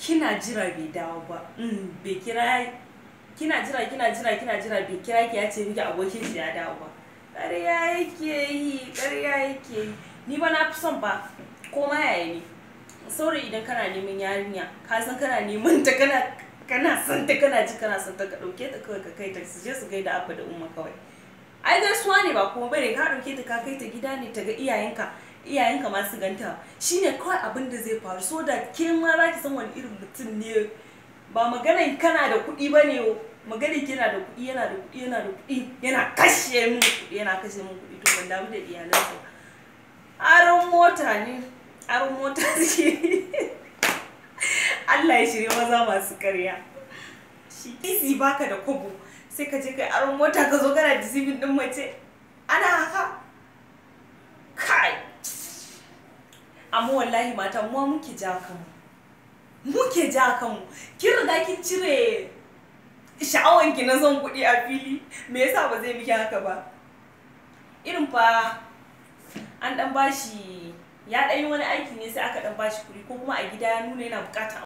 kina jira bai dawo ba mm, bai kira kina jira kina jira kina jira bai kira ki ya ce miki abokin shi ya dawo ba ƙarya yake yi ƙarya yake yi ni ba na fi son ba ko ma yaya ne saurayi idan kana neman yarinya ka san kana neman ta kana kana son ta kana ji kana son ta ka ɗauke ta kawai ka kai ta su je su gaida abba da umma kawai ai gaisuwa ne ba kuma bare ka ɗauke ta ka kai ta gida ne ta ga iyayenka Iyayen kamar su ganta shine kawai abin da zai faru so da ke ma za ki san wani irin mutum ne ba maganin kana da kuɗi ba ne Maganin yana da kuɗi yana da kuɗi yana da kuɗi yana kashe min kuɗi yana kashe min kuɗi to ban damu da iyalansa aron mota ne aron mota ne. Allah ya shirya maza masu karya shi isi baka da kobo sai ka je kai aron mota ka zo kana disibin din mace ana haka amma wallahi mata mu muke ja kanmu muke ja kanmu kin riga kin cire sha'awan ki na zan kuɗi a fili me yasa ba zai miki haka ba irin fa an dan bashi ya dan yi wani aiki ne sai aka dan bashi kuɗi ko kuma a gida ya nuna yana bukata